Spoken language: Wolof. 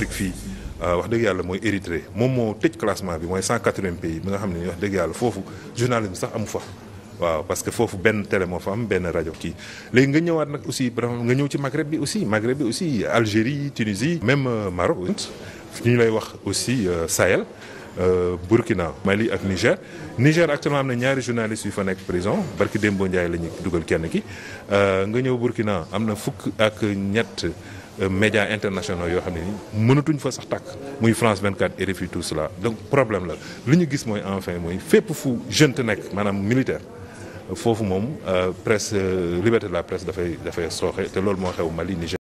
Afrique fii euh, wax dëgg yàlla mooy Érythrée moom moo tëj classement bi mooy 180 pays bi nga xam ne wax dëgg yàlla foofu journalisme sax amu fa. waaw parce que foofu benn télé moo fa am benn rajo kii léegi nga ñëwaat nag aussi nga ñëw ci Maghreb bi aussi Maghreb bi aussi Algérie Tunisie même euh, Maroc ñu lay wax aussi euh, Sahel. Euh, Burkina Mali ak Niger Niger actuellement am na ñaari journalistes yi fa nekk prison barki Dembo Ndiaye la ñu dugal kenn ki euh, nga ñëw Burkina am na fukk ak ñett euh, médias internationaux yoo xam ne ni mënatuñ fa sax tàkk muy France 24 RFI tout cela donc problème la lu ñu gis mooy enfin mooy fépp fu jeune te nekk maanaam militaire foofu moom presse liberté de la presse dafay dafay sooxe te loolu moo xew Mali Niger